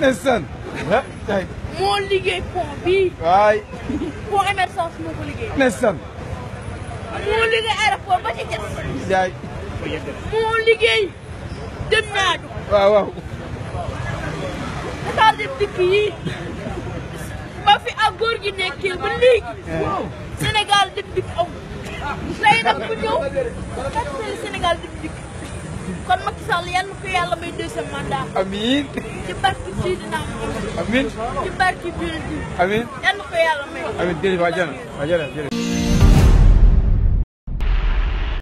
président moo liggéey pont waay. pont émergence moo liggéey. ndeysaan. moo liggéey aéroport ba ci moo liggéey dem naadu. waaw waaw. Dakar Dem Dikk yi ba fi ak góor gi ba léegi. Eh. Sénégal Dem Dikk amul. tey nag bu ñëw kat Sénégal kon Macky Sall yal na ko yàlla may deuxième mandat. amiin. ci barke Sidina Mohamed. amiin ci barke Birédi. amiin yal na ko yàlla may. amiin jërëjëf waa jërëjëf waa jërëjëf.